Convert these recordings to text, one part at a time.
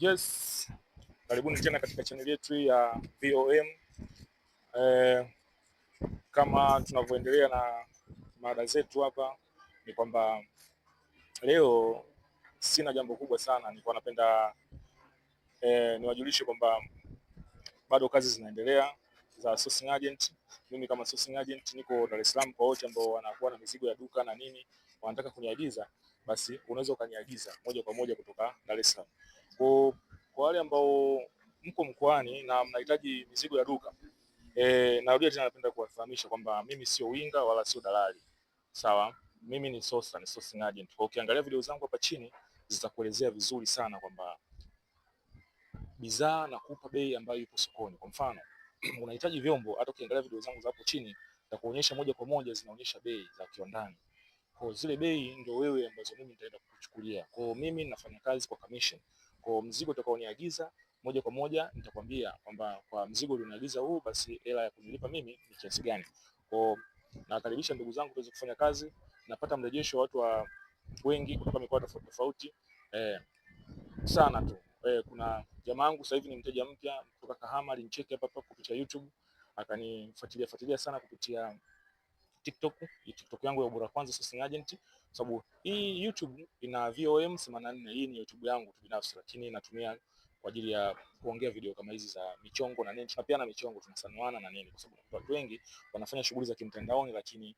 Yes, karibuni tena katika chaneli yetu ya VOM. Eh, kama tunavyoendelea na mada zetu hapa ni kwamba leo sina jambo kubwa sana, nilikuwa napenda eh, niwajulishe kwamba bado kazi zinaendelea za sourcing agent. Mimi kama sourcing agent niko Dar es Salaam, kwa wote ambao wanakuwa na mizigo ya duka na nini wanataka kuniagiza basi unaweza ukaniagiza moja kwa moja kutoka Dar es Salaam. Kwa kwa wale ambao mko mkoani na mnahitaji mizigo ya duka e, narudia tena, napenda kuwafahamisha kwamba mimi sio winga wala sio dalali, sawa? Mimi ni sosa, ni sourcing agent. Kwa ukiangalia video zangu hapa chini zitakuelezea vizuri sana kwamba bidhaa nakupa bei ambayo ipo sokoni. Kwa mfano unahitaji vyombo, hata ukiangalia video zangu za hapo chini nitakuonyesha moja kwa moja, zinaonyesha bei za kiwandani. Kwa zile bei ndio wewe ambazo mimi nitaenda kukuchukulia. Kwa mimi nafanya kazi kwa commission. Kwa mzigo utakaoniagiza moja kwa moja nitakwambia kwamba kwa mzigo ulioniagiza huu basi hela ya kunilipa mimi ni kiasi gani. Kwa nakaribisha ndugu zangu tuweze kufanya kazi, napata mrejesho wa watu wa wengi kutoka mikoa tofauti tofauti eh, sana tu. Eh, kuna jamaa wangu sasa hivi ni mteja mpya kutoka Kahama, alinicheki hapa hapa kupitia YouTube, akanifuatilia fuatilia sana kupitia TikTok, TikTok yangu ya Bora kwanza sourcing agent, sababu hii YouTube ina VOM 84. Hii ni YouTube yangu tu binafsi, lakini natumia kwa ajili ya kuongea video kama hizi za michongo na nini. Tunapiana michongo, tunasanuana na nini, kwa sababu watu wengi wanafanya shughuli za kimtandaoni, lakini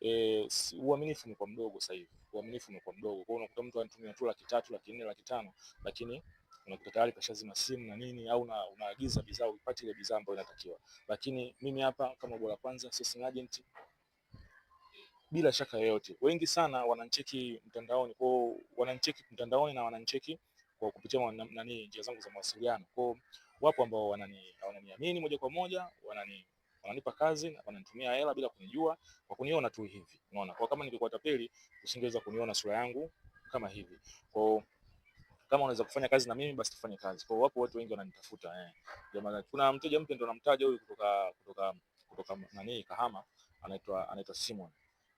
eh, uaminifu ni kwa mdogo sasa hivi, uaminifu ni kwa mdogo. Kwa hiyo unakuta mtu anatumia tu laki tatu, laki nne, laki tano, lakini unakuta tayari kashazima simu na nini, au una, unaagiza bidhaa upate ile bidhaa ambayo inatakiwa. Lakini mimi hapa kama bora kwanza sourcing agent bila shaka yoyote. Wengi sana wanancheki mtandaoni, kwao wanancheki mtandaoni na wanancheki kwa kupitia nani njia zangu za mawasiliano. Kwao wapo ambao wanani wananiamini moja kwa moja, wanani wananipa kazi na wananitumia hela bila kunijua, kwa kuniona tu hivi. Unaona, kwa kama ningekuwa tapeli usingeweza kuniona sura yangu kama hivi. Kwao kama unaweza kufanya kazi na mimi basi tufanye kazi. Kwa wapo watu wengi wananitafuta eh. Jamaa kuna mteja mpya ndo namtaja huyu kutoka kutoka kutoka nani Kahama anaitwa anaitwa Simon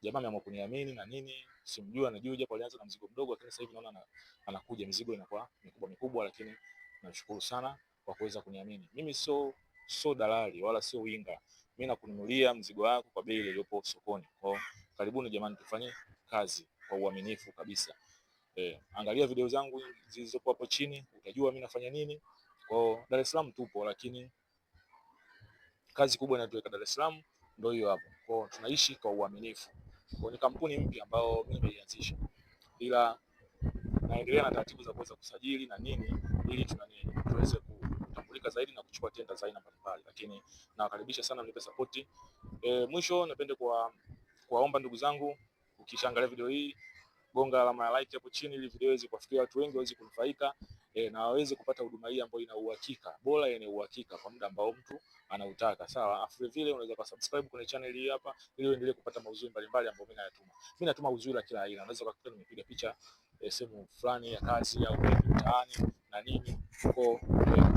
jamaa ameamua kuniamini na nini, simjua najua, japo alianza na mzigo mdogo, lakini sasa hivi naona anakuja mzigo inakuwa mikubwa mikubwa, lakini nashukuru sana kwa kuweza kuniamini. Mimi So so dalali wala sio winga, mimi nakununulia mzigo wako kwa bei iliyopo sokoni. Kwa karibuni jamani, tufanye kazi kwa uaminifu kabisa. Eh, angalia video zangu zilizopo hapo chini utajua mimi nafanya nini. Kwa Dar es Salaam tupo, lakini kazi kubwa inatuweka Dar es Salaam ndio hiyo hapo. Kwa tunaishi kwa uaminifu. Kwa ni kampuni mpya ambayo mimi nimeianzisha, ila naendelea na taratibu za kuweza kusajili na nini, ili tuweze kutambulika zaidi na kuchukua tenda za aina mbalimbali, lakini nawakaribisha sana mnipe support. E, mwisho napende kwa kuwaomba ndugu zangu, ukishaangalia video hii gonga alama ya like hapo chini ili video iweze kuwafikia watu wengi waweze kunufaika e, na waweze kupata huduma hii ambayo ina uhakika bora, yenye uhakika kwa muda ambao mtu anautaka. Sawa, afu vile unaweza ka subscribe kwenye channel hii hapa, ili uendelee kupata mauzuri mbalimbali ambayo mimi nayatuma. Mimi natuma uzuri la kila aina, unaweza kukuta nimepiga picha e, sehemu fulani ya kazi au eh, mtaani na nini huko,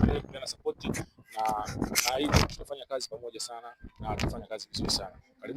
e, na support na na hii tutafanya kazi pamoja sana na tutafanya kazi vizuri sana. Karibu.